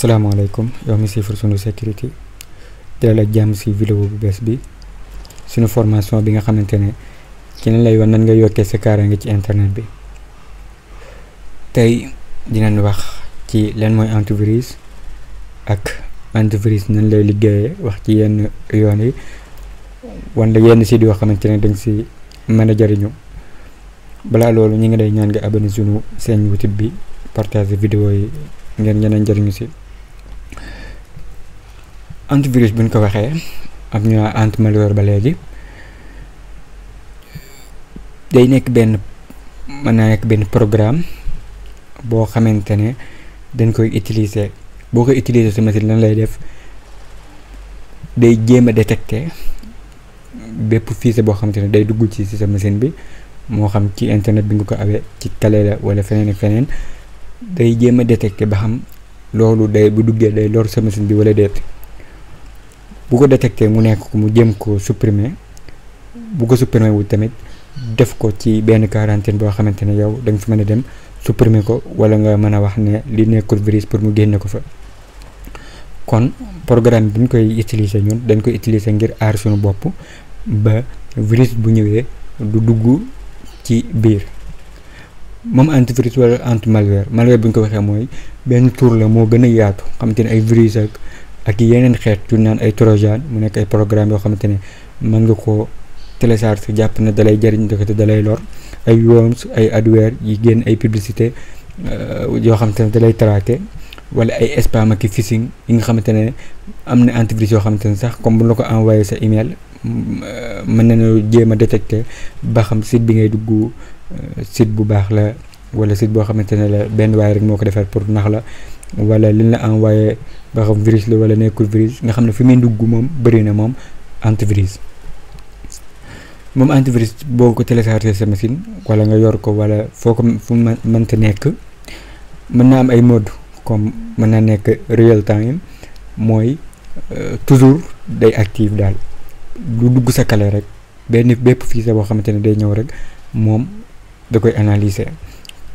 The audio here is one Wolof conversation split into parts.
salaamaaleykum yow mi siy far sunu sécurité dalal ak jàmm si video bu bees bi sunu formation bi nga xamante ne ci lañ lay yoon nan nga yokkee sa kaaraange ci internet bi tey dinañ wax ci lan mooy antivirus ak entreprise nan lay liggéeye wax ci yenn yoon yi wan la yenn site yoo xamante ne dañ si mën a jariñu balaa loolu ñu ngi lay ñaan nga abonné sunu seen YouTube bi partage vidéo yi ngeen ñeneen jariñu si antivirus buñ ko waxee am ñu anti malware ba léegi day nekk benn mën naa nekk benn programme boo xamante ne dañ koy utiliser boo koy utiliser sa machine lan lay def day jéem a détecter bépp fichier boo xamante ne day dugg ci sa machine bi moo xam ci internet bi nga ko awee ci kale la wala feneen ak feneen day jéem a détecter ba xam loolu day bu duggee day loolu sa machine bi wala déet. bu ko détecté mu nekk ko mu jëm ko supprimer bu ko supprimer wul tamit def ko ci benn quarantaine boo xamante ne yow da fi mën a dem supprimer ko wala nga mën a wax ne li nekkul virus pour mu génne ko fa kon programme bi koy utiliser ñun dañ koy utiliser ngir aar sunu bopp ba virus bu ñëwee du dugg ci biir moom antivirus wala anti malware malware bu ñu ko waxee mooy benn tour la moo gën a yaatu xam te ne ay virus ak yeneen xeet yu naan ay trojan mu nekk ay programme yoo xamante ne mën nga koo télécharge jàpp na dalay jëriñ ndekete dalay lor ay worms ay adware yi génn ay publicité euh, yoo xamante ne dalay traqué wala ay spam ak phishing yi nga xamante ne am na antivirus yoo xamante ne sax comme bu la ko envoyé sa email euh, mën na jéem a détecté ba xam site bi ngay dugg euh, site bu baax la wala site boo xamante ne la benn waay rek moo ko defar pour nax la wala li la envoyé ba xam virus la wala nekkul virus nga xam ne fi muy dugg moom bëri na moom antivirus moom antivirus boo ko téléchargé sa machine wala nga yor ko wala foo ko fu mu mënta nekk mën naa am ay mode comme mën naa nekk real time mooy euh, toujours day active daal lu dugg sa kale rek benn bépp fichier boo xamante ne day ñëw rek moom da koy analyser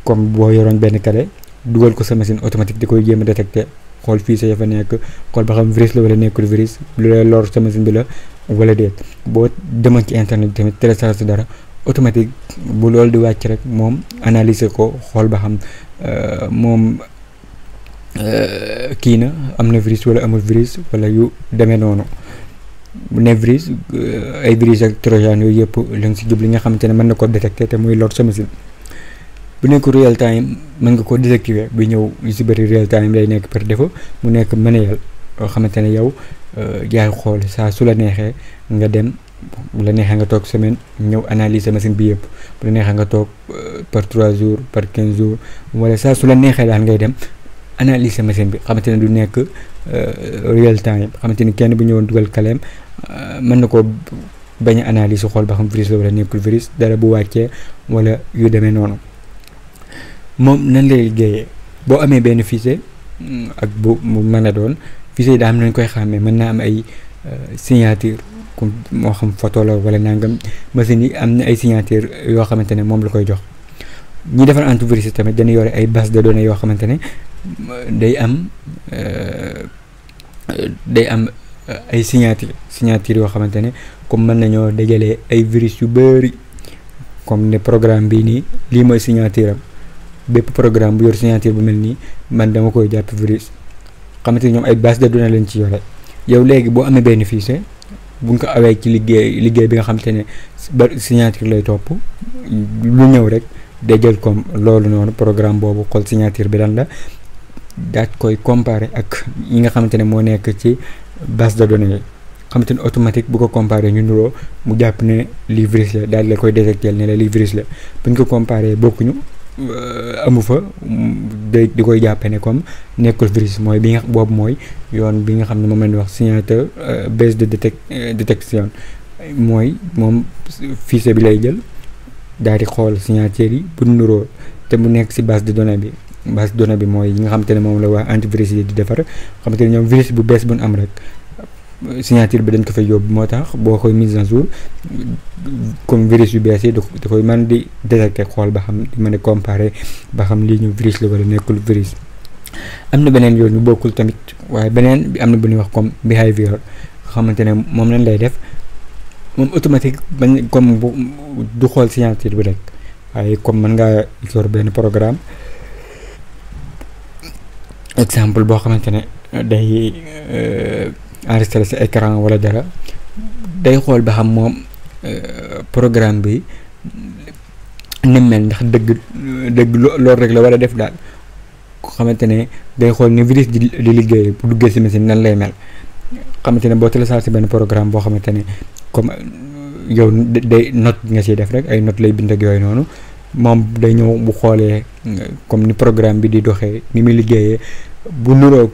comme boo yoroon benn kale dugal ko sa machine automatique di koy jéem a détecté xool fii sa ya fa nekk xool ba xam virus la wala nekkul virus lu lay lor sa machine bi la wala déet boo demoon ci internet bi tamit télécharge dara automatique bu loolu di wàcc rek moom analyser ko xool ba xam euh, moom euh, kii na am na virus wala amul virus wala yu demee noonu ne virus euh, ay virus ak trojan yooyu yëpp lañ si jub li nga te ne mën na ko détecté te muy lor sa machine bu nekk real time mën nga koo désactiver bi ñëw yu si bëri real time lay nekk par défaut mu nekk manuel yoo xamante ne yow euh, yaay xool saa su la neexee nga dem bu la neexee nga toog semaine ñëw analyser machine bi yëpp bu neexee nga toog euh, par 3 jours par 15 jours wala saa su neexee daal ngay dem analyser machine bi xamante ne du nekk euh, real time xamante ni kenn bu ñëwoon dugal kaleem mën na ko bañ a analyser xool ba xam virus la wala nekkul virus dara bu wàccee wala yu demee noonu. moom nan lay liggéeyee boo amee benn fichier hmm. ak bu mu mën a doon fichier daa am nañ koy xàmmee mën naa am ay euh, signature moo xam photo wala nangam machine yi am na ay signature yoo xamante ne moom la koy jox ñi defar antivirus tamit dañu yore ay base de données yoo xamante ne day am euh, day am euh, ay signature signature yoo xamante ne comme mën nañoo dajalee ay virus yu bëri comme ne programme bii nii lii mooy signature am bépp programme bu yor signature bu mel nii man dama koy jàpp virus xamante ni ñoom ay base de données lañ ci yore yow léegi boo amee benn fichier bu ko awee ci liggéey liggéey bi nga xamante ne ba signature lay topp lu ñëw rek day jël comme loolu noonu programme boobu xool signature bi lan la daat koy comparer ak ñi nga xamante ne moo nekk ci base de données yi xamante ne automatique bu ko comparé ñu nuroo mu jàpp ne lii virus daal la koy détecté ne la lii virus la buñ ko comparé bokkuñu Euh, amu fa day di koy jàppe ne comme nekkul virus mooy bi nga boobu mooy yoon bi nga xam ne moom leen di wax signature euh, base de détec euh, détection mooy moom fichier bi lay jël daal di xool signature yi bu nuroo te mu nekk si base de données bi base de données bi mooy yi nga xam te ne moom la waa antivirus yi di defar xam te ne ñoom virus bu bees bu ñu am rek signature bi dañ ko fa yóbbu moo tax boo koy mise à jour comme virus yu bees yi da koy man di détecté xool ba xam di mën a comparé ba xam lii ñu virus la wala nekkul virus am na beneen yoon yu bokkul tamit waaye beneen bi am na bu ñuy wax comme behavior xamante ne moom lañ lay def moom automatique bañ comme du xool signature bi rek waaye comme man ngaa yor benn programme exemple boo xamante ne day euh, enregistré sa écran wala dara day xool ba xam moom euh, programme bi ni mel ndax dëgg dëgg loolu rek la war a def daal ko xamante ne day xool ni virus di di liggéey bu duggee si machine nan lay mel xamante ne boo téléchargé benn programme boo xamante ne comme euh, yow day note nga siy def rek ay note lay bind ak yooyu noonu moom day ñëw bu xoolee euh, comme ni programme bi di doxee ni muy liggéeyee bu nuroog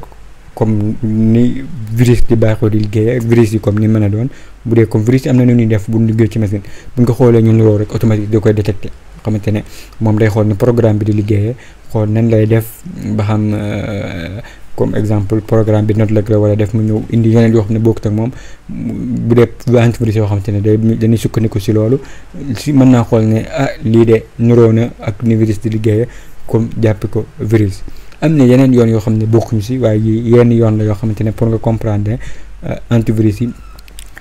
comme ni virus di baaxoo di liggéey ak virus yi comme ni mën a doon bu dee comme virus yi am na nu ñuy def bu ñu liggéey ci machine bu ñu ko xoolee ñu nuroo rek automatique da koy détecté xamante ne moom day xool ni programme bi di liggéeyee xool nan lay def ba xam euh, comme exemple programme bi note la la war a def mu ñëw indi yeneen yoo xam ne boo bokkut ak moom bu dee antivirus yoo xamante ne day dañuy sukkandiku si loolu si mën naa xool ne ah lii de nuroo na ak ni virus di liggéeyee comme jàppi ko virus. am na yeneen yoon yoo xam ne bokkuñu si waaye yenn yoon la yoo xamante ne pour nga comprendre euh, antivirus yi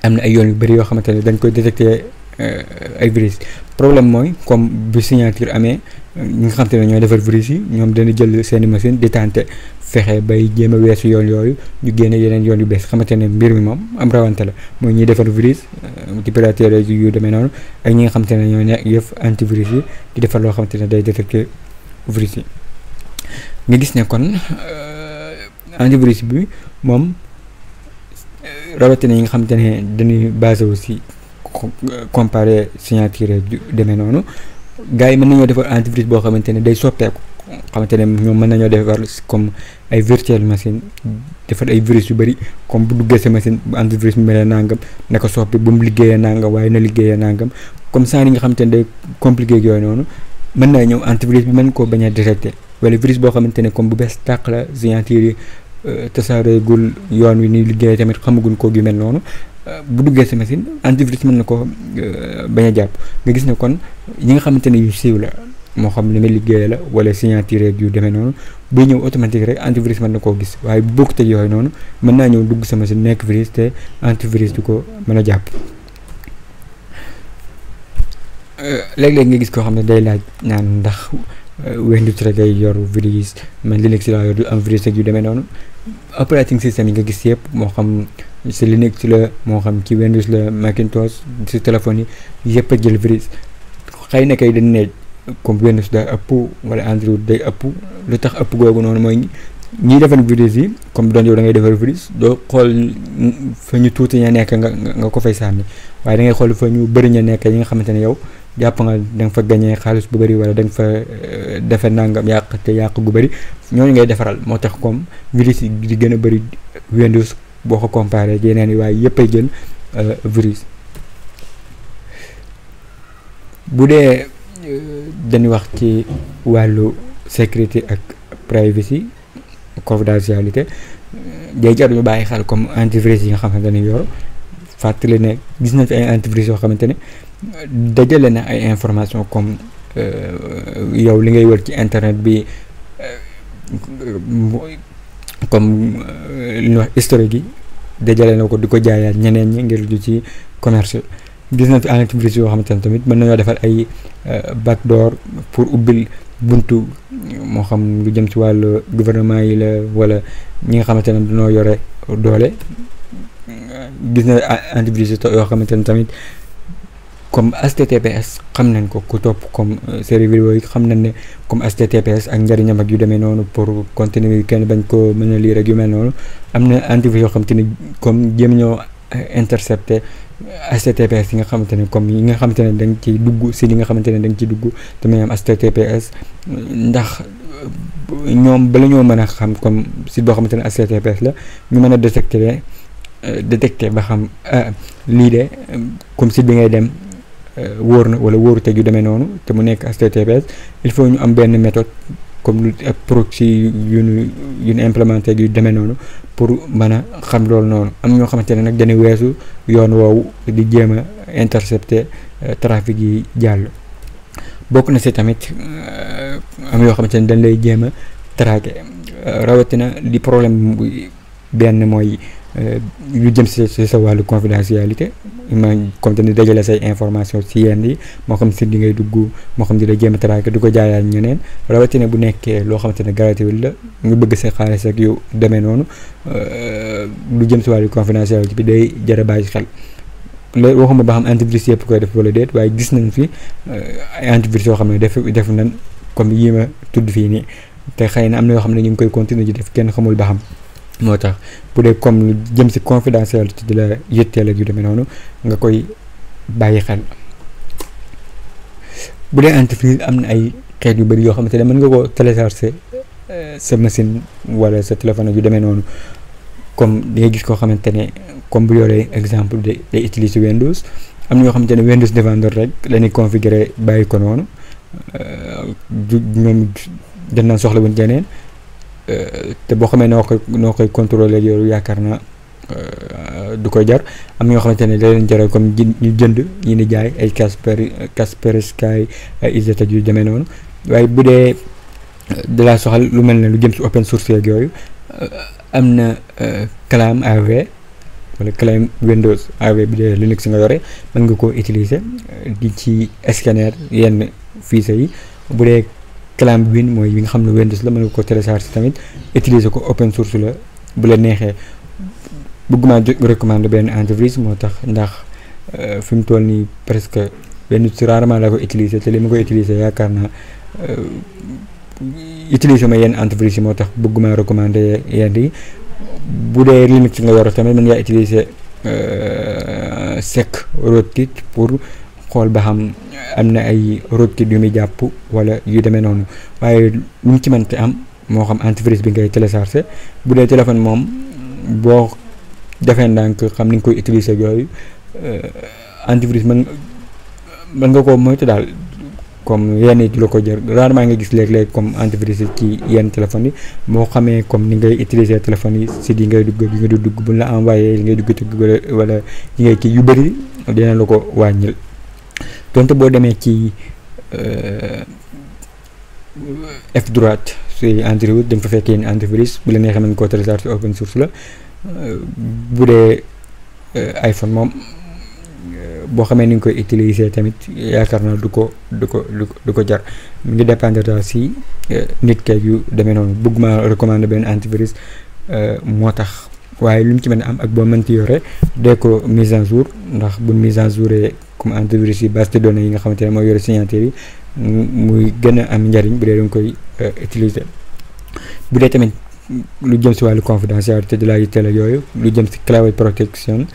am na ay yoon yu bëri yoo xamante ne dañ koy détecter euh, ay virus problème mooy comme bi signature amee ñu nga ñooy defar virus yi ñoom dana jël seeni machine di tenter fexe bay jéem a weesu yoon yooyu ñu génne yeneen yoon yu bees xamante ne mbir mi moom am rawante la mooy ñuy defar virus ci euh, pirateur yu demee noonu ak ñi nga xamante ne ñooy nekk yëf antivirus yi di defar loo xamante ne day détecter virus yi nga gis ne kon euh, antivirus bi moom euh, rawatina yi nga xamante ne dañuy basé wu si euh, comparé signature demee noonu gars yi mën nañoo defar antivirus boo xamante ne day soppeeku xamante ne ñoom mën nañoo defar comme ay virtual machine defar ay virus yu bëri comme bu duggee sa machine bu antivirus bi melee nangam na ko soppi bu mu liggéeyee nangam waaye na liggéeyee nangam comme ça yi nga xamante ne day compliqué ak yooyu noonu. mën naa ñëw antivirus bi mën koo bañ a détecté wala boo xamante ne comme bu bees tàq la signature yi euh, tasaareegul yoon wi ni liggéey tamit xamaguñ koo gi mel noonu euh, bu duggee si machine antivirus mën na ko euh, bañ jàpp nga gis ne kon ñi nga xamante ne yu siiw la moo xam li muy liggéey la wala signature yu demee noonu buy ñëw automatique rek antivirus mën na koo gis waaye bu bokk te yooyu noonu mën naa ñëw dugg sa machine nekk virus te antivirus du ko mën a jàpp léeg-léeg nga gis koo xam ne day laaj naan ndax euh, Windows rek ay yor virus man Linux laa yor du am virus yu demee noonu operating system yi nga gis yëpp moo xam ci Linux la moo xam ci Windows la Macintosh si téléphone yi yëpp a jël virus xëy na kay dañ ne comme Windows day ëpp wala Android day ëpp lu tax ëpp googu noonu mooy ñiy defar virus yi comme doon yow da ngay defar virus doo xool fa ñu tuuti ña nekk nga nga ko fay sànni waaye dangay ngay xool fa ñu bëri ña nekk yi nga xamante ne yow. jàpp nga da fa gañee xaalis bu bëri wala da fa euh, defe nangam yàq te yàq gu bëri ñooñu ngay defaral moo tax comme virus yi di gën a bëri Windows boo ko comparé yeneen yi waaye yëpp ay jël euh, virus bu dee euh, dañu wax ci wàllu sécurité ak privacy confidentialité day jar ñu bàyyi xel comme antivirus yi nga xamante ne yor fàttali ne gis nañ fi ay antivirus yoo xamante ne dajale na ay information comme euh, yow li ngay wër ci internet bi euh, euh, comme li ñuy wax historique yi dajale na ko di ko jaayaat ñeneen ñi ngir ju ci commerce gis na fi entreprise yoo xamante ne tamit mën nañoo defar ay door pour ubbil buntu moo xam lu jëm ci wàll gouvernement yi la wala ñi nga xamante ne noo yore doole gis na entreprise yoo xamante ne tamit comme HTTPS xam nañ ko ku topp comme euh, série vidéo yi xam nañ ne comme HTTPS ak njëriñam ak yu demee noonu pour continuer yu kenn bañ ko mën a lire ak yu noonu am na antivirus yoo xam te ni comme jéem ñoo euh, intercepter HTTPS yi nga xamante ne comme yi nga xamante ne dañ ciy dugg si li nga xamante ne dañ ci dugg te muy am HTTPS ndax euh, ñoom bala ñoo mën a xam comme site boo xamante ne HTTPS la ñu mën a détecter détecter ba xam lii de comme site bi ngay dem. Euh, wóor na wala wóorute yu demee noonu te mu nekk HTTPS il faut ñu am benn méthode comme lu proxy yu ñu yu ñu implémenté yu demee noonu pour mën a xam loolu noonu am ñoo xamante ne nag dañuy weesu yoon woowu di jéem a intercepter euh, trafic yi jàll bokk na si tamit euh, am yoo xamante ne dañ lay jéem a traqué rawatina li problème benn mooy. yu euh, jëm si si sa wàllu confidentialité ma comme te ni dajale say information ci yenn yi moo xam si di ngay dugg moo xam di la jéem a traqué du ko jaayaat ñeneen rawatina bu nekkee xamante ne gratuit la nga bëgg sa xaalis ak yu demee noonu euh, lu jëm si wàllu confidentialité bi day jar a bàyyi xel léegi waxuma ba xam antivirus yëpp koy def wala déet waaye gis nañ fi euh, ay antivirus yoo xam ne def def nañ comme yi ma tudd fii nii te xëy na am na yoo xam ne ñu ngi koy continuer di def kenn xamul ba xam. moo tax bu dee comme lu jëm si confidentialité di la yëtteel ak yu demee noonu nga koy bàyyi xel bu dee entreprise am na ay xeet yu bëri yoo xamante ne mën nga ko télécharger euh, sa machine wala sa téléphone ak yu demee noonu comme di nga gis koo xamante ne comme bu yoree exemple de day utiliser Windows am na yoo xamante ne Windows Defender rek lañuy configurer bàyyi ko noonu ñoom euh, dañ naan soxla wuñ jeneen Euh, te boo xamee noo koy noo koy contrôler yooyu yaakaar na euh, du koy jar am na ñoo xamante ne da leen jaral comme ñu jënd ñu ni jaay ay Kasper Kaspersky ay Izetta yu demee noonu waaye bu dee euh, da laa soxal lu mel ne lu jëm si open source yeeg yooyu am na Clam AV wala Clam Windows AV bi dee Linux nga yore mën nga koo utiliser di ci scanner yenn fichiers yi bu dee. clam win mooy yi nga xam ne Windows la mën nga ko télécharger tamit utiliser ko open source la bu la neexee bëgguma recommander benn entreprise moo tax ndax euh, fi mu toll nii presque benn rarement laa ko utiliser te li ma ko utiliser yaakaar naa euh, utiliser ma yenn entreprise yi moo tax bëgguma recommander yenn yi bu dee Linux nga yor tamit mën ngaa utiliser euh, sec rootkit pour xool ba xam. am na ay roadkit yu muy jàpp wala yu demee noonu waaye ñu ci man mënti am moo xam antivirus bi ngay téléchargé bu dee téléphone moom boo defee ndànk xam ni nga koy utiliser yooyu antivirus euh, mën mën nga koo moytu daal comme yenn yi du ko jër rarement nga gis léeg-léeg comme antivirus yi ci yenn téléphones yi moo xamee comme ni ngay utiliser téléphones yi si yi ngay dugg yi nga dugg buñ la envoyé li ngay dugg wala yi ngay kii yu bëri dina la ko wàññil. donte boo demee ci euh, F droite entre antivirus da nga fa fekk yenn antivirus bu la neexee mën nga ko télécharger open source la euh, bu dee euh, iPhone moom boo xamee ni nga koy utiliser tamit yaakaar naa du ko du ko du ko jar mu ngi dépendre daal si nit kay yu demee noonu bëgguma recommander benn antivirus moo tax. waaye lu mu ci mën a am ak boo mënti yore dee ko mise à jour ndax bu mise en jour comme antivirus yi base de données yi nga xamante ne mooy yore signature yi muy gën a am njariñ bu dee da koy euh, utiliser bu dee tamit lu jëm si wàllu confidentialité de la yitte la yooyu lu jëm si cloud protection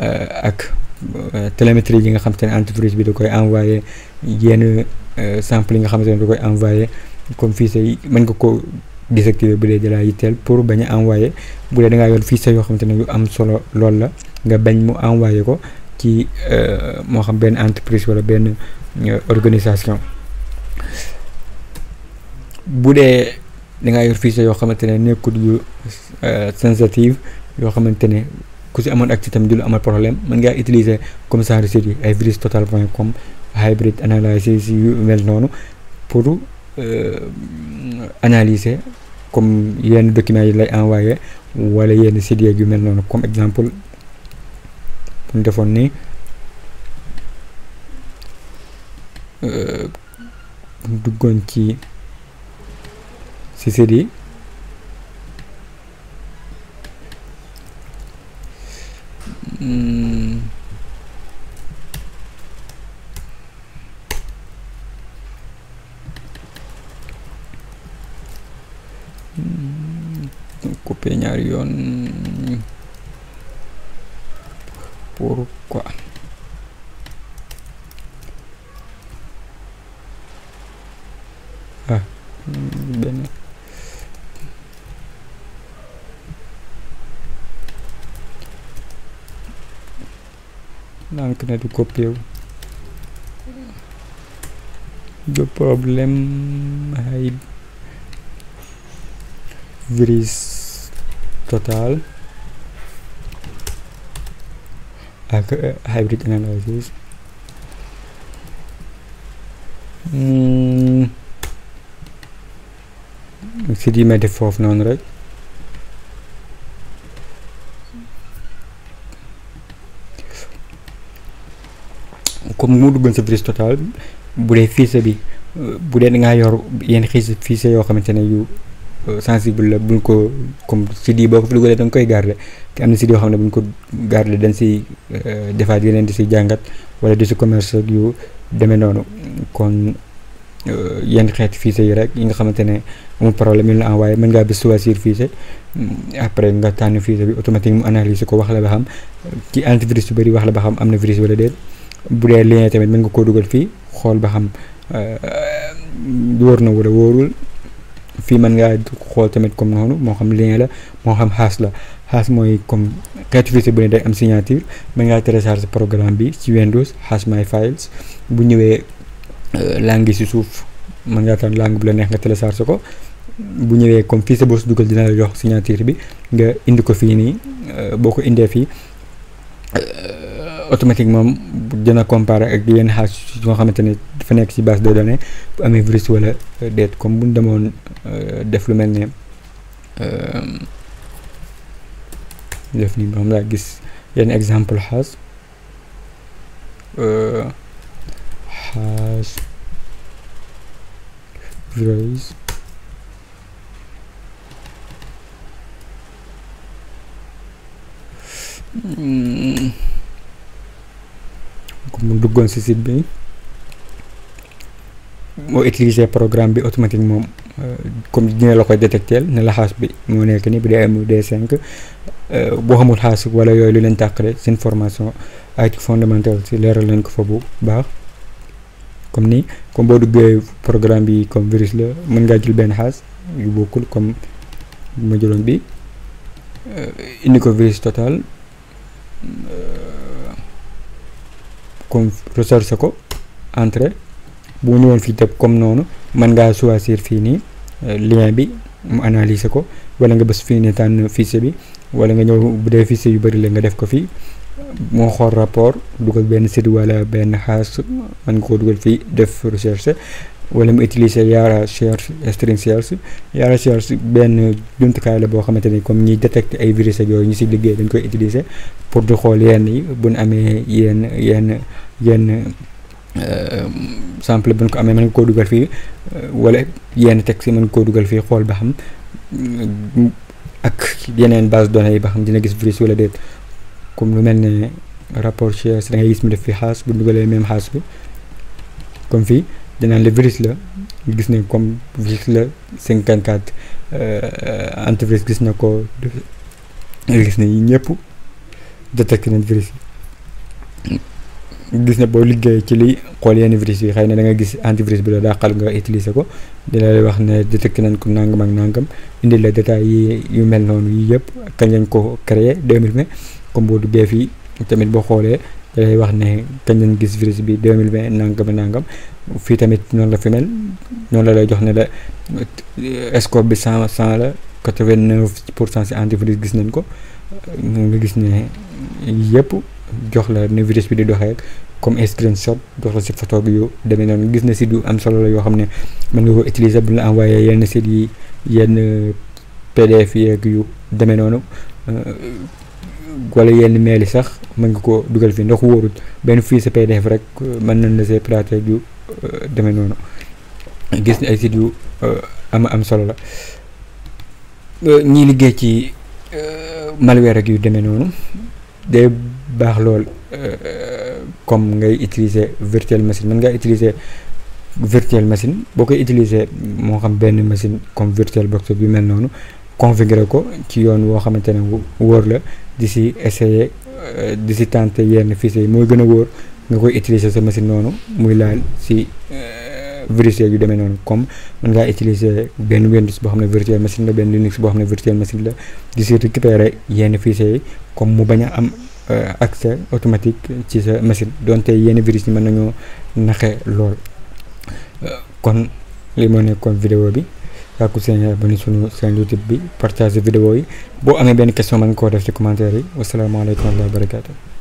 euh, ak euh, télémétrie yi nga xamante ne antivirus bi da koy envoyé yenn sample yi nga xamante ne da koy envoyé comme fii say mën nga ko désactiver bu dee dalaa yitteel pour bañ a envoyé bu dee da ngaa yor fichier yoo xamante ne yu am solo lool la nga bañ mu envoyé ko ci euh, moo xam benn entreprise wala benn euh, organisation bu dee da ngaa yor fichier yoo xamante ne nekkul yu euh, sensitive yoo xamante ne ku si amoon accès tamit du lu amal problème mën ngaa utiliser comme ça site yi ay virus total point com hybrid analysis yu mel noonu pour Euh, analyser comme yenn documents yi lay envoyé walla yenn sites yu mel noonu comme exemple bu ñu defoon nii ni euh, duggoon ci si sites yi hmm. couper ñaar yoon pourquoi ah benn ndànk na di copier wu problème ay virus total eh, hybrid analysis si di def foofu noonu rek comme moo duggoon sa virus total bu dee fichier bi bu dee dangaa yor yenn fichier yoo xamante ne yu Euh, sensible la buñ ko comme ci di boo ko fi dugalee da nga koy garder te am na si yoo xam ne buñ ko garder dañ si euh, defaat yeneen di si jàngat wala di si commerce yu demee noonu kon euh, yenn xeeti fichier yi rek yi nga xamante ne amul problème yi la envoyé mën ngaa bis choisir fichier mm, après nga tànn fiise bi automatique mu analyse ko wax la ba xam ci antivirus yu bari wax la ba xam am na virus wala déet bu dee lien tamit mën nga koo dugal fii xool ba xam wóor na wala wóorul fii mën ngaa xool tamit comme noonu moo xam lien la moo xam xaas la xaas mooy comme xeetu fichier bu ne day am signature mën ngaa télécharger programme bi ci Windows xaas my files bu ñëwee euh, langue si suuf man ngaa tànn langue bu la neex nga télécharger ko bu ñëwee comme fichier boo si dugal dinaa la jox signature bi nga indi ko fii nii euh, boo ko indee fii euh, automatiquement dina comparer ak yenn xaalis yoo xamante ne dafa nekk ci base de données bu amee virus wala euh, déet comme bu ñu demoon euh, def lu mel ne euh, def ni moom laa gis yenn exemple xaas xaas virus hmm. comme mu duggoon si bi moo utiliser programme bi automatique moom euh, comme dina la koy détecter ne xaas bi moo nekk ni bi dee am D5 euh, boo xamul xaas wala yooyu lu leen tàqale seen formation IT fondamentale si leeral nañ ko fa bu baax comme ni comme boo duggee programme bi comme virus la mën ngaa jël benn xaas yu bokkul comme ma jëloon bi euh, indi ko virus total comme recherche ko entrée bu ma ñëwoon fii tëb comme noonu man ngaa choisir fii nii euh, lien bi mu analyser ko wala nga bës fii nii tànn fichier bi wala nga ñëw bu dee fichier yu bëri la nga def ko fii moo xool rapport dugal benn site wala benn xaas mën nga koo dugal fii def recherche wala mu utiliser Yara Search String Search Yara Search benn jumtukaay la boo xamante ni comme ñiy détecter ay virus ak yooyu ñu si liggéey dañ koy utiliser pour du xool yenn yi bu ñu amee yenn yenn yenn euh, sample bu ñu ko amee mën nga koo dugal fii euh, wala yenn teg si mën nga koo dugal fii xool ba xam ak yeneen base données yi ba xam dina gis virus wala déet comme lu mel ne rapport Search da gis mu def fii xaas bu dugalee même xaas bi comme fii. danaan la virus la gis nañ comme virus la 54 euh, antivirus gis na ko gis nañ ñëpp détecté nañ virus yi gis na boo liggéey ci li xool yenn virus yi xay ne da nga gis antivirus bi la dàqal nga utiliser ko di la wax ne détecté keneen ko nangam ak nangam indi la détails yi yu mel noonu yi yëpp kañ lañ ko créé 2020 comme boo duggee fii tamit boo xoolee. da wax ne kañ lañ gis virus bi 2020 nangam nangam fii tamit ñoo la fi mel la lay jox ne la euh, scope bi 100 cent la 89 pour cent si antivirus gis nañ ko nga gis ne yëpp jox la ne virus bi di doxee comme screenshot jox la si photo bi yu demee noonu gis na si du am solo la yoo xam ne mën nga ko utiliser bu la envoyé yenn site yi yenn euh, PDF yeeg yu demee noonu. Euh, wala yenn mail yi sax mën nga ko dugal fii ndax wóorul benn fii fichier PDF rek euh, mën nañ la see platé yu euh, demee noonu gis ni ay sites yu euh, am am solo la ñii liggéey ci malware ak yu demee noonu day baax lool comme ngay utiliser virtual machine mën ngaa utiliser virtual machine boo koy utiliser moo xam benn machine comme virtual box bi mel noonu configuré ko ci yoon woo xamante ne wóor la di si essayer euh, di si tenter yenn fichier yi mooy gën a wóor nga koy utiliser sa machine noonu muy laal si euh, virtuel yu demee noonu comme mën ngaa utiliser benn Windows boo xam ne virtuel machine la benn Linux boo xam ne virtuel machine la di si récupérer yenn fichier yi comme mu bañ a am euh, accès automatique ci sa machine donte yenn virus yi mën nañoo naxe lool kon li moo nekkoon vidéo bi yàkku seen yaay ba ni sunu seen youtube bi partage vidéo yi boo amee benn question mën nga koo def ci commentaire yi wasalaamaaleykum wa rahmatulah wa barakaatu.